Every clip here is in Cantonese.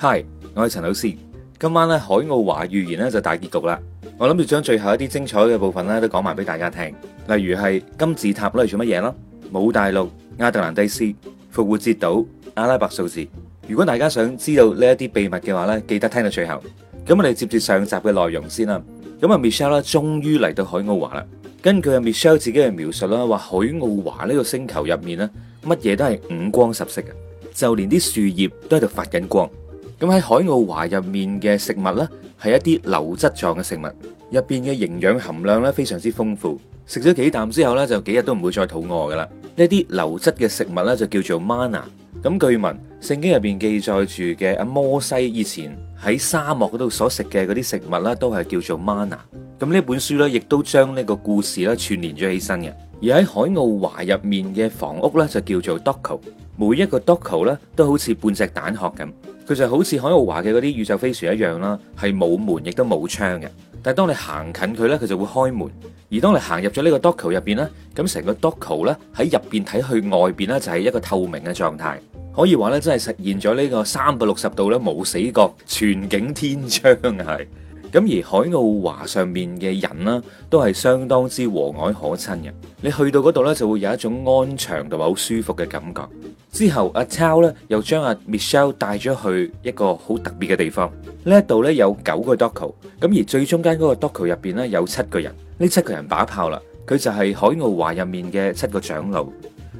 嗨，Hi, 我係陳老師。今晚咧海奧華預言咧就大結局啦。我諗住將最後一啲精彩嘅部分咧都講埋俾大家聽，例如係金字塔攞嚟做乜嘢啦？姆大陸、亞特蘭蒂斯、復活節島、阿拉伯數字。如果大家想知道呢一啲秘密嘅話咧，記得聽到最後。咁我哋接住上集嘅內容先啦。咁啊 Michelle 啦，終於嚟到海奧華啦。根據 Michelle 自己嘅描述啦，話海奧華呢個星球入面咧，乜嘢都係五光十色嘅，就連啲樹葉都喺度發緊光。咁喺海奧華入面嘅食物呢，係一啲流質狀嘅食物，入邊嘅營養含量呢非常之豐富。食咗幾啖之後呢，就幾日都唔會再肚餓噶啦。呢啲流質嘅食物呢，就叫做 mana。咁據聞聖經入邊記載住嘅阿摩西以前喺沙漠嗰度所食嘅嗰啲食物呢，都係叫做 mana。咁呢本書呢，亦都將呢個故事呢串連咗起身嘅。而喺海奧華入面嘅房屋呢，就叫做 doko。每一個 doko 咧都好似半隻蛋殼咁，佢就好似海奧華嘅嗰啲宇宙飛船一樣啦，係冇門亦都冇窗嘅。但係當你行近佢呢，佢就會開門；而當你行入咗呢個 doko 入邊呢，咁成個 doko 咧喺入邊睇去外邊呢，就係一個透明嘅狀態。可以話呢，真係實現咗呢個三百六十度呢，冇死角全景天窗係。咁而海奧華上面嘅人啦，都係相當之和藹可親嘅。你去到嗰度呢，就會有一種安詳同埋好舒服嘅感覺。之後阿超呢，又將阿 Michelle 帶咗去一個好特別嘅地方。呢一度呢，有九個 doctor，咁而最中間嗰個 doctor 入邊呢，有七個人。呢七個人把炮啦，佢就係海奧華入面嘅七個長老。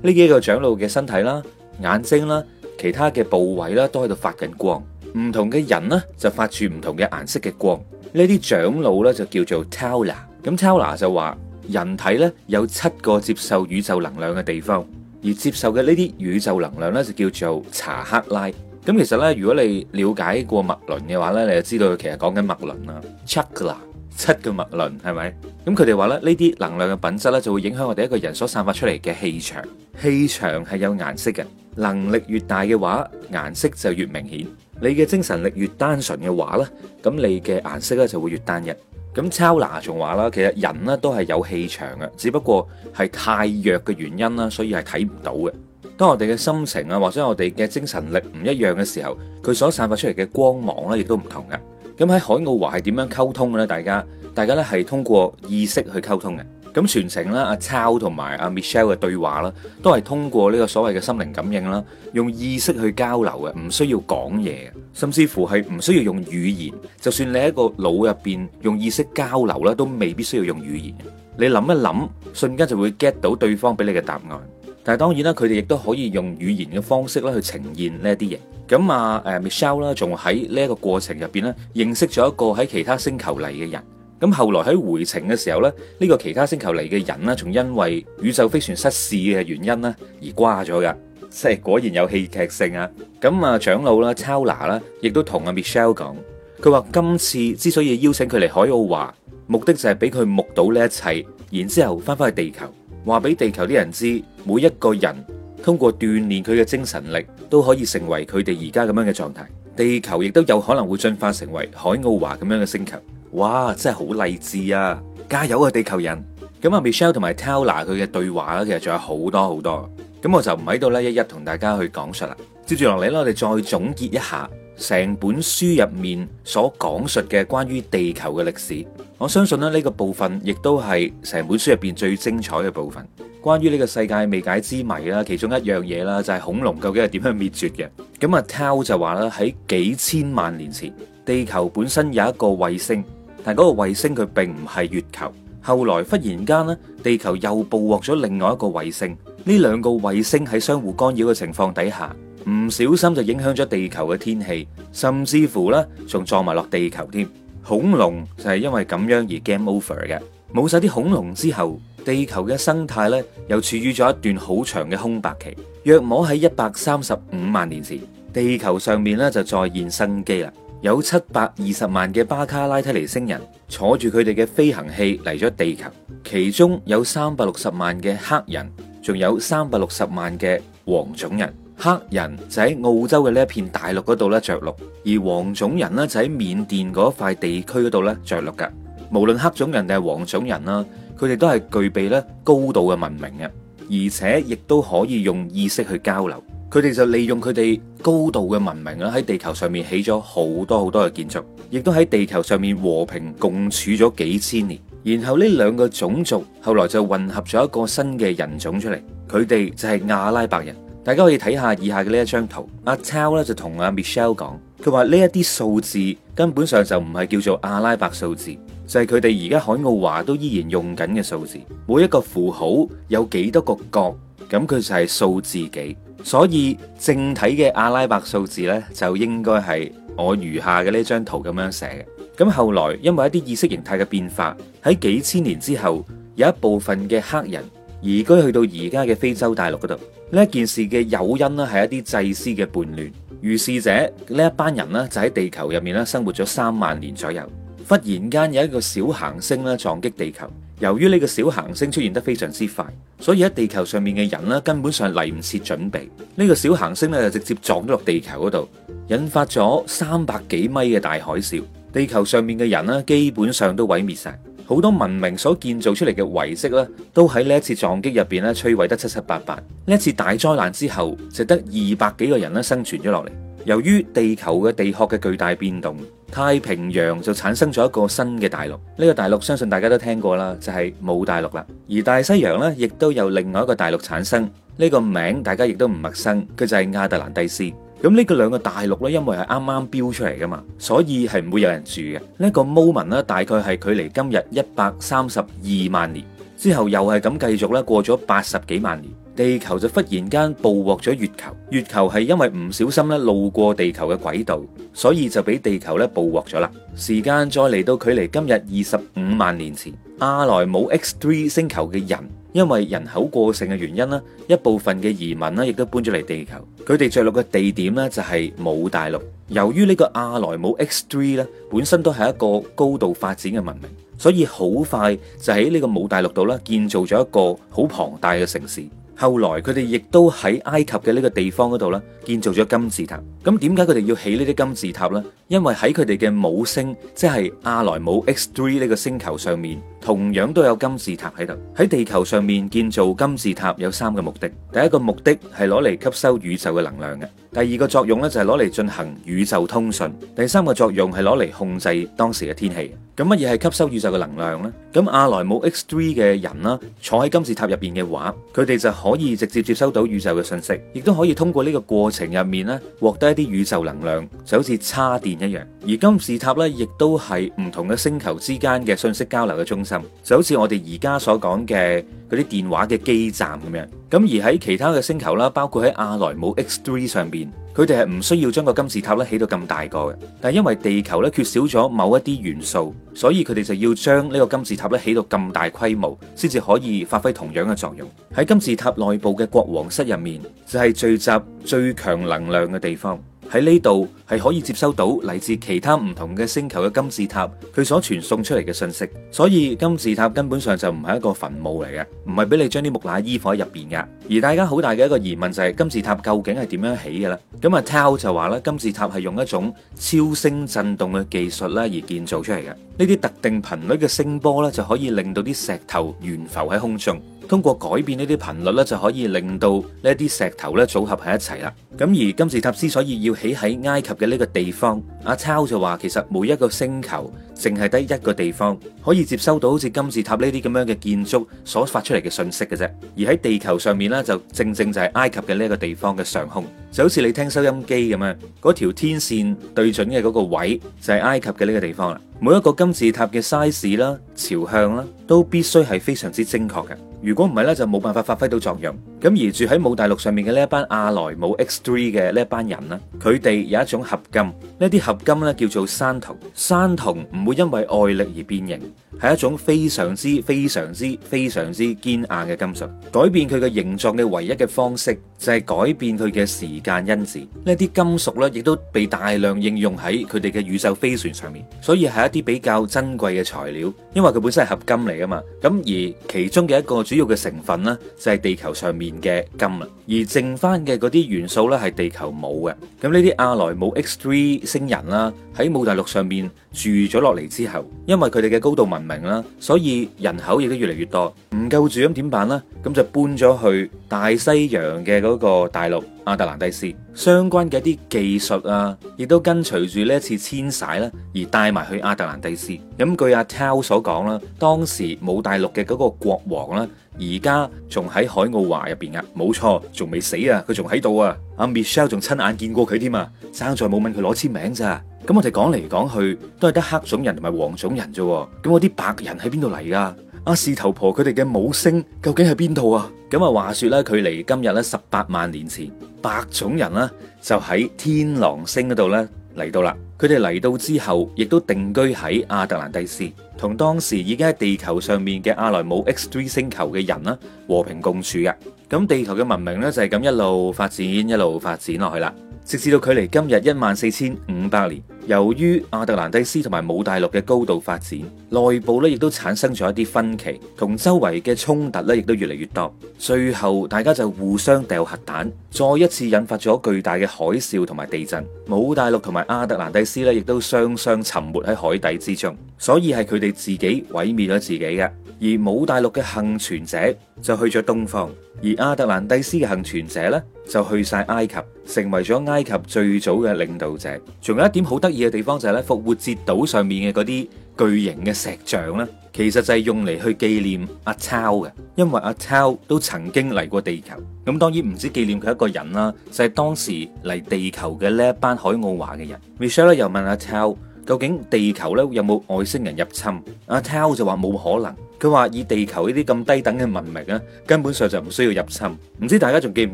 呢幾個長老嘅身體啦、眼睛啦、其他嘅部位啦，都喺度發緊光。唔同嘅人呢，就發住唔同嘅顏色嘅光。呢啲長老咧就叫做 Tayla，咁 Tayla 就話人體咧有七個接受宇宙能量嘅地方，而接受嘅呢啲宇宙能量咧就叫做查克拉。咁其實咧，如果你了解過脈輪嘅話咧，你就知道佢其實講緊脈輪啦，chakra 七個脈輪係咪？咁佢哋話咧，呢啲能量嘅品質咧就會影響我哋一個人所散發出嚟嘅氣場，氣場係有顏色嘅，能力越大嘅話，顏色就越明顯。你嘅精神力越單純嘅話呢，咁你嘅顏色呢就會越單一。咁超拿仲話啦，其實人呢都係有氣場嘅，只不過係太弱嘅原因啦，所以係睇唔到嘅。當我哋嘅心情啊，或者我哋嘅精神力唔一樣嘅時候，佢所散發出嚟嘅光芒呢亦都唔同嘅。咁喺海奧華係點樣溝通呢？大家，大家呢係通過意識去溝通嘅。咁全程啦，阿超同埋阿 Michelle 嘅對話啦，都係通過呢個所謂嘅心靈感應啦，用意識去交流嘅，唔需要講嘢嘅，甚至乎係唔需要用語言。就算你喺個腦入邊用意識交流咧，都未必需要用語言。你諗一諗，瞬間就會 get 到對方俾你嘅答案。但係當然啦，佢哋亦都可以用語言嘅方式啦去呈現呢一啲嘢。咁啊，誒 Michelle 啦，仲喺呢一個過程入邊咧，認識咗一個喺其他星球嚟嘅人。咁後來喺回程嘅時候咧，呢個其他星球嚟嘅人呢，仲因為宇宙飛船失事嘅原因呢而瓜咗噶，即係果然有戲劇性啊！咁啊，長老啦、抄拿啦，亦都同阿 Michelle 講，佢話今次之所以邀請佢嚟海奧華，目的就係俾佢目睹呢一切，然之後翻返去地球，話俾地球啲人知，每一個人通過鍛煉佢嘅精神力，都可以成為佢哋而家咁樣嘅狀態。地球亦都有可能會進化成為海奧華咁樣嘅星球。哇，真係好勵志啊！加油啊，地球人！咁、嗯、啊，Michelle 同埋 Tala 佢嘅對話啦，其實仲有好多好多，咁、嗯、我就唔喺度咧，一一同大家去講述啦。接住落嚟咧，我哋再總結一下成本書入面所講述嘅關於地球嘅歷史。我相信咧呢個部分亦都係成本書入邊最精彩嘅部分。關於呢個世界未解之謎啦，其中一樣嘢啦就係恐龍究竟係點樣滅絕嘅？咁、嗯、啊，Tala 就話啦，喺幾千萬年前，地球本身有一個衛星。但嗰個衛星佢並唔係月球，後來忽然間呢，地球又捕獲咗另外一個衛星，呢兩個衛星喺相互干擾嘅情況底下，唔小心就影響咗地球嘅天氣，甚至乎呢仲撞埋落地球添。恐龍就係因為咁樣而 game over 嘅，冇晒啲恐龍之後，地球嘅生態呢又處於咗一段好長嘅空白期。約莫喺一百三十五萬年前，地球上面呢就再現生機啦。有七百二十萬嘅巴卡拉提尼星人坐住佢哋嘅飛行器嚟咗地球，其中有三百六十萬嘅黑人，仲有三百六十萬嘅黃種人。黑人就喺澳洲嘅呢一片大陸嗰度咧着陸，而黃種人呢就喺緬甸嗰塊地區嗰度咧着陸噶。無論黑種人定係黃種人啦，佢哋都係具備咧高度嘅文明啊，而且亦都可以用意識去交流。佢哋就利用佢哋高度嘅文明啦，喺地球上面起咗好多好多嘅建築，亦都喺地球上面和平共處咗幾千年。然後呢兩個種族後來就混合咗一個新嘅人種出嚟，佢哋就係阿拉伯人。大家可以睇下以下嘅呢一張圖，阿超咧就同阿 Michelle 講，佢話呢一啲數字根本上就唔係叫做阿拉伯數字，就係佢哋而家海奧華都依然用緊嘅數字。每一個符號有幾多個角，咁佢就係數字幾。所以正體嘅阿拉伯數字呢，就應該係我如下嘅呢張圖咁樣寫嘅。咁後來因為一啲意識形態嘅變化，喺幾千年之後，有一部分嘅黑人移居去到而家嘅非洲大陸嗰度。呢件事嘅誘因呢，係一啲祭司嘅叛亂。如是者呢一班人呢，就喺地球入面啦生活咗三萬年左右，忽然間有一個小行星啦撞擊地球。由於呢個小行星出現得非常之快，所以喺地球上面嘅人咧根本上嚟唔切準備。呢個小行星咧就直接撞咗落地球嗰度，引發咗三百幾米嘅大海嘯。地球上面嘅人咧基本上都毀滅晒，好多文明所建造出嚟嘅遺跡咧都喺呢一次撞擊入邊咧摧毀得七七八八。呢一次大災難之後，就得二百幾個人咧生存咗落嚟。由於地球嘅地殼嘅巨大變動，太平洋就產生咗一個新嘅大陸。呢個大陸相信大家都聽過啦，就係姆大陸啦。而大西洋呢，亦都有另外一個大陸產生。呢個名大家亦都唔陌生，佢就係亞特蘭蒂斯。咁呢個兩個大陸呢，因為係啱啱標出嚟噶嘛，所以係唔會有人住嘅。呢個 moment 呢，大概係距離今日一百三十二萬年。之後又係咁繼續咧，過咗八十幾萬年，地球就忽然間捕獲咗月球。月球係因為唔小心咧路過地球嘅軌道，所以就俾地球咧捕獲咗啦。時間再嚟到距離今日二十五萬年前，阿萊姆 X 三星球嘅人，因為人口過剩嘅原因咧，一部分嘅移民咧亦都搬咗嚟地球。佢哋着陸嘅地點咧就係姆大陸。由於呢個阿萊姆 X 三咧本身都係一個高度發展嘅文明。所以好快就喺呢個姆大陸度啦，建造咗一個好龐大嘅城市。後來佢哋亦都喺埃及嘅呢個地方嗰度啦，建造咗金字塔。咁點解佢哋要起呢啲金字塔呢？因為喺佢哋嘅母星，即係阿萊姆 X 三呢個星球上面。同樣都有金字塔喺度。喺地球上面建造金字塔有三個目的，第一個目的係攞嚟吸收宇宙嘅能量嘅，第二個作用咧就係攞嚟進行宇宙通訊，第三個作用係攞嚟控制當時嘅天氣。咁乜嘢係吸收宇宙嘅能量呢？咁阿萊姆 X3 嘅人啦，坐喺金字塔入邊嘅話，佢哋就可以直接接收到宇宙嘅信息，亦都可以通過呢個過程入面咧獲得一啲宇宙能量，就好似叉電一樣。而金字塔咧，亦都係唔同嘅星球之間嘅信息交流嘅中心。就好似我哋而家所講嘅嗰啲電話嘅基站咁樣，咁而喺其他嘅星球啦，包括喺阿萊姆 X 三上邊，佢哋係唔需要將個金字塔咧起到咁大個嘅。但係因為地球咧缺少咗某一啲元素，所以佢哋就要將呢個金字塔咧起到咁大規模，先至可以發揮同樣嘅作用。喺金字塔內部嘅國王室入面，就係、是、聚集最強能量嘅地方。喺呢度係可以接收到嚟自其他唔同嘅星球嘅金字塔，佢所傳送出嚟嘅信息。所以金字塔根本上就唔係一個墳墓嚟嘅，唔係俾你將啲木乃伊放喺入邊噶。而大家好大嘅一個疑問就係、是、金字塔究竟係點樣起嘅啦？咁啊，Tau 就話咧，金字塔係用一種超聲振動嘅技術啦而建造出嚟嘅。呢啲特定頻率嘅聲波咧就可以令到啲石頭懸浮喺空中。通過改變呢啲頻率咧，就可以令到呢啲石頭咧組合喺一齊啦。咁而金字塔之所以要起喺埃及嘅呢個地方。阿超就話，其實每一個星球淨係得一個地方可以接收到，好似金字塔呢啲咁樣嘅建築所發出嚟嘅信息嘅啫。而喺地球上面咧，就正正就係埃及嘅呢個地方嘅上空，就好似你聽收音機咁樣，嗰條天線對準嘅嗰個位就係、是、埃及嘅呢個地方啦。每一個金字塔嘅 size 啦、朝向啦，都必須係非常之精確嘅。如果唔係咧，就冇辦法發揮到作用。咁而住喺姆大陸上面嘅呢一班阿萊姆 X3 嘅呢一班人咧，佢哋有一種合金，呢啲合金咧，叫做山銅。山銅唔會因為外力而變形，係一種非常之非常之非常之堅硬嘅金屬。改變佢嘅形狀嘅唯一嘅方式，就係改變佢嘅時間因子。呢啲金屬咧，亦都被大量應用喺佢哋嘅宇宙飛船上面，所以係一啲比較珍貴嘅材料，因為佢本身係合金嚟啊嘛。咁而其中嘅一個主要嘅成分呢，就係地球上面嘅金啦。而剩翻嘅嗰啲元素呢，係地球冇嘅。咁呢啲阿萊姆 X3 星人啦，喺姆大陸上面住咗落嚟之後，因為佢哋嘅高度文明啦，所以人口亦都越嚟越多，唔夠住咁點辦呢？咁就搬咗去大西洋嘅嗰個大陸阿特蘭蒂斯相關嘅一啲技術啊，亦都跟隨住呢一次遷徙咧，而帶埋去阿特蘭蒂斯。咁據阿 Tao 所講啦，當時冇大陸嘅嗰個國王啦，而家仲喺海奧華入邊啊。冇錯，仲未死啊，佢仲喺度啊，阿 Michelle 仲親眼見過佢添啊，爭在冇問佢攞簽名咋。咁我哋講嚟講去都係得黑種人同埋黃種人啫，咁我啲白人喺邊度嚟噶？阿、啊、士頭婆佢哋嘅母星究竟係邊套啊？咁啊，話說咧，距離今日咧十八萬年前，白種人啦就喺天狼星嗰度咧嚟到啦。佢哋嚟到之後，亦都定居喺亞特蘭蒂斯，同當時已經喺地球上面嘅阿萊姆 X 三星球嘅人啦和平共處嘅。咁地球嘅文明咧就係咁一路發展，一路發展落去啦。直至到距離今日一萬四千五百年，由於阿特蘭蒂斯同埋姆大陸嘅高度發展，內部咧亦都產生咗一啲分歧，同周圍嘅衝突咧亦都越嚟越多，最後大家就互相掉核彈，再一次引發咗巨大嘅海嘯同埋地震，姆大陸同埋阿特蘭蒂斯咧亦都雙雙沉沒喺海底之中，所以係佢哋自己毀滅咗自己嘅。而姆大陸嘅幸存者就去咗東方，而阿特蘭蒂斯嘅幸存者呢就去曬埃及，成為咗埃及最早嘅領導者。仲有一點好得意嘅地方就係呢，復活節島上面嘅嗰啲巨型嘅石像呢，其實就係用嚟去紀念阿超嘅，因為阿超都曾經嚟過地球。咁當然唔止紀念佢一個人啦，就係當時嚟地球嘅呢一班海奧華嘅人。Michelle 咧又問阿超究竟地球呢有冇外星人入侵？阿超就話冇可能。佢話以地球呢啲咁低等嘅文明咧，根本上就唔需要入侵。唔知大家仲記唔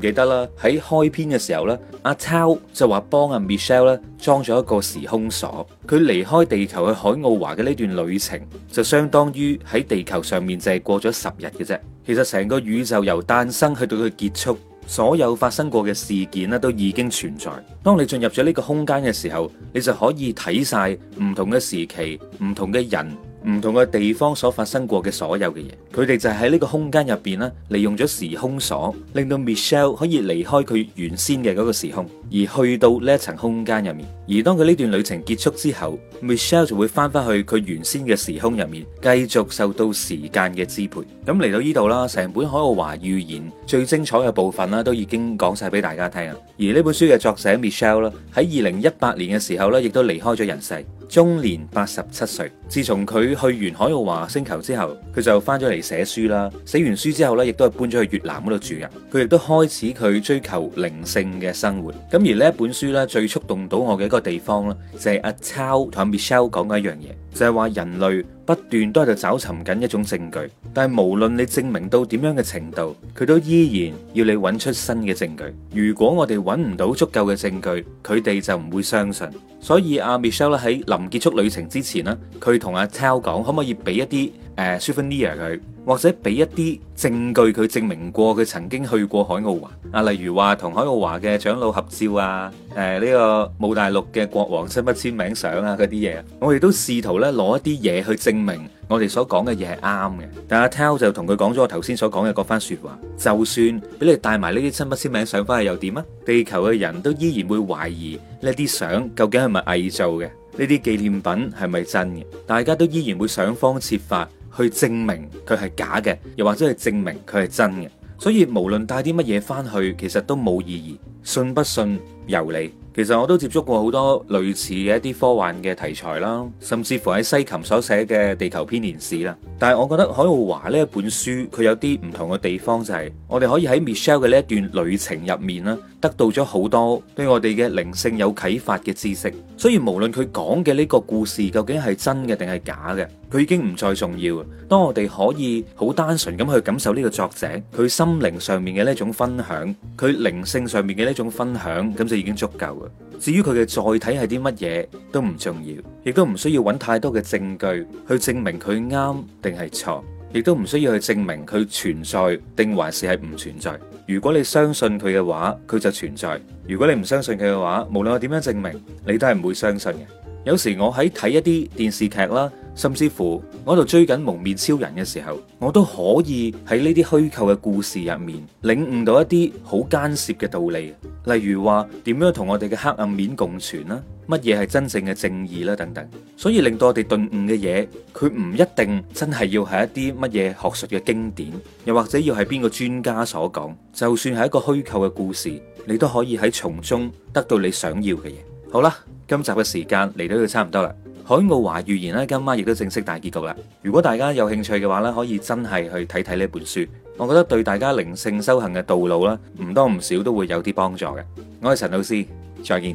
記得啦？喺開篇嘅時候咧，阿超就話幫阿 Michelle 咧裝咗一個時空鎖。佢離開地球去海奧華嘅呢段旅程，就相當於喺地球上面就係過咗十日嘅啫。其實成個宇宙由誕生去到佢結束，所有發生過嘅事件咧都已經存在。當你進入咗呢個空間嘅時候，你就可以睇晒唔同嘅時期、唔同嘅人。唔同嘅地方所發生過嘅所有嘅嘢，佢哋就喺呢個空間入邊呢，利用咗時空鎖，令到 Michelle 可以離開佢原先嘅嗰個時空，而去到呢一層空間入面。而當佢呢段旅程結束之後，Michelle 就會翻翻去佢原先嘅時空入面，繼續受到時間嘅支配。咁嚟到呢度啦，成本海奧華預言最精彩嘅部分啦，都已經講晒俾大家聽。而呢本書嘅作者 Michelle 啦，喺二零一八年嘅時候呢，亦都離開咗人世。終年八十七歲，自從佢去完海奧華星球之後，佢就翻咗嚟寫書啦。寫完書之後咧，亦都係搬咗去越南嗰度住噶。佢亦都開始佢追求靈性嘅生活。咁而呢一本書咧，最觸動到我嘅一個地方咧，就係阿超同埋 Michelle 講嘅一樣嘢，就係話人類不斷都喺度找尋緊一種證據，但係無論你證明到點樣嘅程度，佢都依然要你揾出新嘅證據。如果我哋揾唔到足夠嘅證據，佢哋就唔會相信。所以阿 Michelle 喺臨結束旅程之前呢，佢同阿 Tao 講，可唔可以俾一啲？誒佢，呃，或者俾一啲證據佢，證明過佢曾經去過海奧華啊，例如話同海奧華嘅長老合照啊，誒、啊、呢、這個武大陸嘅國王親筆簽名相啊嗰啲嘢，我亦都試圖咧攞一啲嘢去證明我哋所講嘅嘢係啱嘅。但阿 t e l 就同佢講咗我頭先所講嘅嗰番説話，就算俾你帶埋呢啲親筆簽名相翻去又點啊？地球嘅人都依然會懷疑呢啲相究竟係咪偽造嘅，呢啲紀念品係咪真嘅？大家都依然會想方設法。去證明佢係假嘅，又或者去證明佢係真嘅，所以無論帶啲乜嘢翻去，其實都冇意義。信不信由你。其實我都接觸過好多類似嘅一啲科幻嘅題材啦，甚至乎喺西琴所寫嘅《地球編年史》啦。但係我覺得海奧華呢一本書，佢有啲唔同嘅地方就係我哋可以喺 Michelle 嘅呢一段旅程入面啦，得到咗好多對我哋嘅靈性有啟發嘅知識。所以無論佢講嘅呢個故事究竟係真嘅定係假嘅，佢已經唔再重要。當我哋可以好單純咁去感受呢個作者佢心靈上面嘅呢種分享，佢靈性上面嘅呢種分享，咁就已經足夠。至於佢嘅載體係啲乜嘢都唔重要，亦都唔需要揾太多嘅證據去證明佢啱定係錯，亦都唔需要去證明佢存在定還是係唔存在。如果你相信佢嘅話，佢就存在；如果你唔相信佢嘅話，無論我點樣證明，你都係唔會相信嘅。有時我喺睇一啲電視劇啦。甚至乎我喺度追緊《蒙面超人》嘅時候，我都可以喺呢啲虛構嘅故事入面領悟到一啲好艱澀嘅道理，例如話點樣同我哋嘅黑暗面共存啦，乜嘢係真正嘅正義啦等等。所以令到我哋頓悟嘅嘢，佢唔一定真係要係一啲乜嘢學術嘅經典，又或者要係邊個專家所講。就算係一個虛構嘅故事，你都可以喺從中得到你想要嘅嘢。好啦，今集嘅時間嚟到就差唔多啦。海奧華預言咧，今晚亦都正式大結局啦！如果大家有興趣嘅話咧，可以真係去睇睇呢本書，我覺得對大家靈性修行嘅道路啦，唔多唔少都會有啲幫助嘅。我係陳老師，再見。